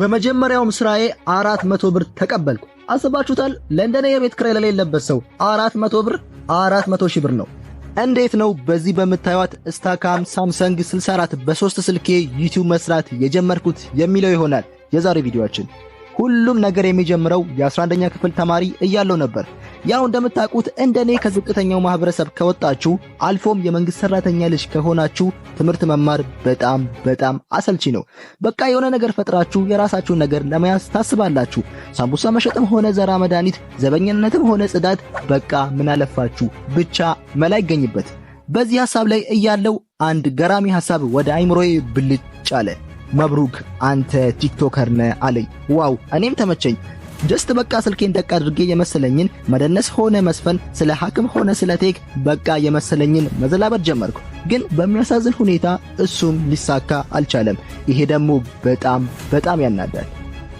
በመጀመሪያውም ስራዬ አራት መቶ ብር ተቀበልኩ። አስባችሁታል? ለንደን የቤት ክራይ ለሌለበት ሰው አራት መቶ ብር አራት መቶ ሺህ ብር ነው። እንዴት ነው በዚህ በምታዩት ስታካም ሳምሰንግ 64 በሶስት ስልኬ ዩቲዩብ መስራት የጀመርኩት የሚለው ይሆናል የዛሬ ቪዲዮአችን። ሁሉም ነገር የሚጀምረው የ11ኛ ክፍል ተማሪ እያለው ነበር። ያው እንደምታውቁት እንደኔ ከዝቅተኛው ማህበረሰብ ከወጣችሁ አልፎም የመንግስት ሰራተኛ ልጅ ከሆናችሁ ትምህርት መማር በጣም በጣም አሰልቺ ነው። በቃ የሆነ ነገር ፈጥራችሁ የራሳችሁን ነገር ለመያዝ ታስባላችሁ። ሳምቡሳ መሸጥም ሆነ ዘራ መድኃኒት፣ ዘበኝነትም ሆነ ጽዳት፣ በቃ ምን አለፋችሁ ብቻ መላ ይገኝበት። በዚህ ሐሳብ ላይ እያለው አንድ ገራሚ ሐሳብ ወደ አይምሮዬ ብልጭ አለ። መብሩክ አንተ ቲክቶከር ነህ አለኝ። ዋው እኔም ተመቸኝ። ጀስት በቃ ስልኬን ደቅ አድርጌ የመሰለኝን መደነስ ሆነ መስፈን፣ ስለ ሐክም ሆነ ስለ ቴክ በቃ የመሰለኝን መዘላበት ጀመርኩ። ግን በሚያሳዝን ሁኔታ እሱም ሊሳካ አልቻለም። ይሄ ደግሞ በጣም በጣም ያናዳል።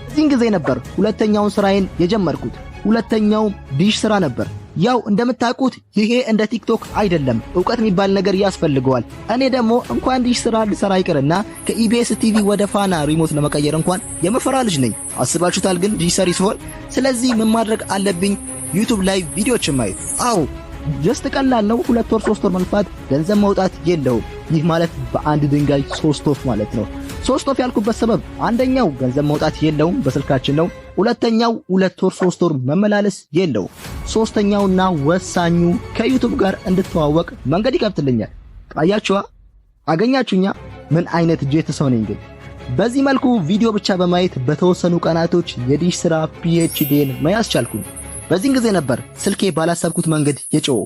እዚህን ጊዜ ነበር ሁለተኛውን ስራዬን የጀመርኩት። ሁለተኛው ዲሽ ስራ ነበር። ያው እንደምታውቁት ይሄ እንደ ቲክቶክ አይደለም፣ እውቀት የሚባል ነገር ያስፈልገዋል። እኔ ደግሞ እንኳን እንዲህ ስራ ልሰራ ይቅርና ከኢቢኤስ ቲቪ ወደ ፋና ሪሞት ለመቀየር እንኳን የመፈራ ልጅ ነኝ። አስባችሁታል ግን ዲሽ ሰሪ ሲሆን። ስለዚህ ምን ማድረግ አለብኝ? ዩቱብ ላይ ቪዲዮዎችን ማየት። አዎ ጀስት ቀላል ነው። ሁለት ወር ሶስት ወር መልፋት፣ ገንዘብ መውጣት የለውም። ይህ ማለት በአንድ ድንጋይ ሶስት ወፍ ማለት ነው። ሶስት ወፍ ያልኩበት ሰበብ አንደኛው ገንዘብ መውጣት የለውም፣ በስልካችን ነው። ሁለተኛው ሁለት ወር ሶስት ወር መመላለስ የለውም። ሶስተኛውና ወሳኙ ከዩቱብ ጋር እንድተዋወቅ መንገድ ይከፍትልኛል። አያችኋ፣ አገኛችሁኛ። ምን አይነት ጄት ሰው ነኝ ግን! በዚህ መልኩ ቪዲዮ ብቻ በማየት በተወሰኑ ቀናቶች የዲሽ ስራ ፒኤችዲን መያዝ ቻልኩኝ። በዚህን ጊዜ ነበር ስልኬ ባላሰብኩት መንገድ የጮው።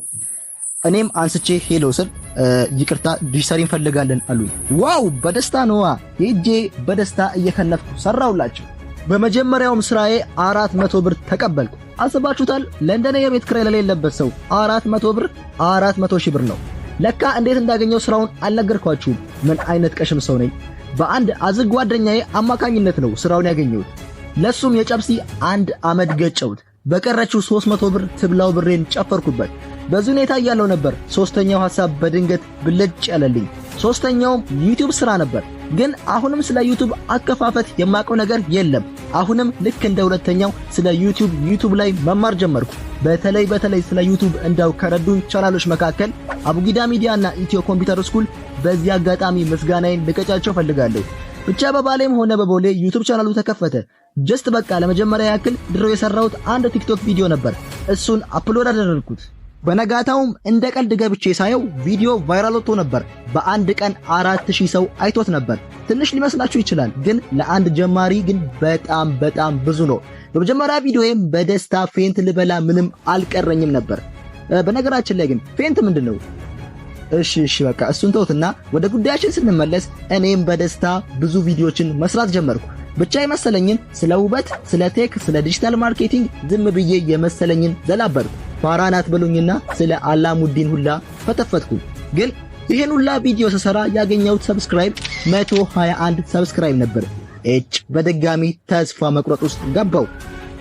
እኔም አንስቼ ሄሎ ስል ይቅርታ ዲሽ ሰሪ እንፈልጋለን አሉኝ። ዋው በደስታ ነዋ! ሄጄ በደስታ እየከነፍኩ ሰራውላቸው። በመጀመሪያውም ስራዬ አራት መቶ ብር ተቀበልኩ። አስባችሁታል? ለንደን የቤት ክራይ ለሌለበት ሰው አራት መቶ ብር አራት መቶ ሺህ ብር ነው። ለካ እንዴት እንዳገኘው ስራውን አልነገርኳችሁም። ምን አይነት ቀሽም ሰው ነኝ! በአንድ አዝግ ጓደኛዬ አማካኝነት ነው ስራውን ያገኘሁት። ለሱም የጨብሲ አንድ አመድ ገጨሁት። በቀረችው 300 ብር ትብላው ብሬን ጨፈርኩበት። በዚህ ሁኔታ እያለሁ ነበር ሶስተኛው ሐሳብ በድንገት ብልጭ ያለልኝ። ሶስተኛውም ዩቲዩብ ስራ ነበር። ግን አሁንም ስለ ዩቲዩብ አከፋፈት የማውቀው ነገር የለም። አሁንም ልክ እንደ ሁለተኛው ስለ ዩቲዩብ ዩቲዩብ ላይ መማር ጀመርኩ። በተለይ በተለይ ስለ ዩቲዩብ እንዳው ከረዱኝ ቻናሎች መካከል አቡጊዳ ሚዲያ እና ኢትዮ ኮምፒውተር ስኩል። በዚህ አጋጣሚ ምስጋናዬን ልቀጫቸው ፈልጋለሁ። ብቻ በባሌም ሆነ በቦሌ ዩቲዩብ ቻናሉ ተከፈተ። ጀስት በቃ ለመጀመሪያ ያክል ድሮ የሰራሁት አንድ ቲክቶክ ቪዲዮ ነበር። እሱን አፕሎድ አደረግኩት። በነጋታውም እንደ ቀልድ ገብቼ ሳየው ቪዲዮ ቫይራል ወጥቶ ነበር። በአንድ ቀን አራት ሺህ ሰው አይቶት ነበር። ትንሽ ሊመስላችሁ ይችላል፣ ግን ለአንድ ጀማሪ ግን በጣም በጣም ብዙ ነው። በመጀመሪያ ቪዲዮዬም በደስታ ፌንት ልበላ ምንም አልቀረኝም ነበር። በነገራችን ላይ ግን ፌንት ምንድን ነው? እሺ እሺ በቃ እሱን ተውትና ወደ ጉዳያችን ስንመለስ እኔም በደስታ ብዙ ቪዲዮችን መስራት ጀመርኩ። ብቻ የመሰለኝን ስለ ውበት፣ ስለ ቴክ፣ ስለ ዲጂታል ማርኬቲንግ ዝም ብዬ የመሰለኝን ዘላበርኩ። ፋራ ናት ስለ አላሙዲን ሁላ ፈተፈትኩ። ግን ይህን ሁላ ቪዲዮ ስሰራ ያገኘሁት ሰብስክራይብ 121 ሰብስክራይብ ነበር። እጭ በድጋሚ ተስፋ መቁረጥ ውስጥ ገባው።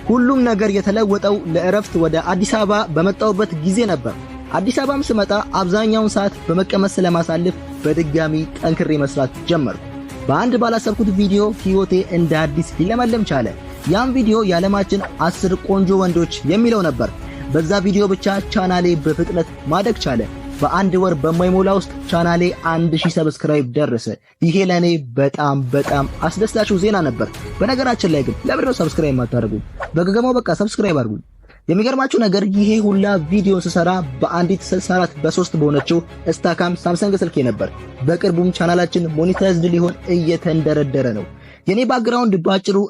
ሁሉም ነገር የተለወጠው ለእረፍት ወደ አዲስ አበባ በመጣውበት ጊዜ ነበር። አዲስ አበባም ስመጣ አብዛኛውን ሰዓት በመቀመጥ ስለማሳልፍ በድጋሚ ጠንክሬ መስራት ጀመርኩ። በአንድ ባላሰብኩት ቪዲዮ ሕይወቴ እንደ አዲስ ሊለመልም ቻለ። ያም ቪዲዮ የዓለማችን አስር ቆንጆ ወንዶች የሚለው ነበር። በዛ ቪዲዮ ብቻ ቻናሌ በፍጥነት ማደግ ቻለ። በአንድ ወር በማይሞላ ውስጥ ቻናሌ አንድ ሺህ ሰብስክራይብ ደረሰ። ይሄ ለእኔ በጣም በጣም አስደሳችው ዜና ነበር። በነገራችን ላይ ግን ለምንድን ነው ሰብስክራይብ የማታደርጉ? በገገማው በቃ ሰብስክራይብ አድርጉ። የሚገርማችሁ ነገር ይሄ ሁላ ቪዲዮ ስሰራ በአንዲት 64 በ3 በሆነችው ስታካም ሳምሰንግ ስልኬ ነበር። በቅርቡም ቻናላችን ሞኒታይዝድ ሊሆን እየተንደረደረ ነው። የኔ ባክግራውንድ ባጭሩ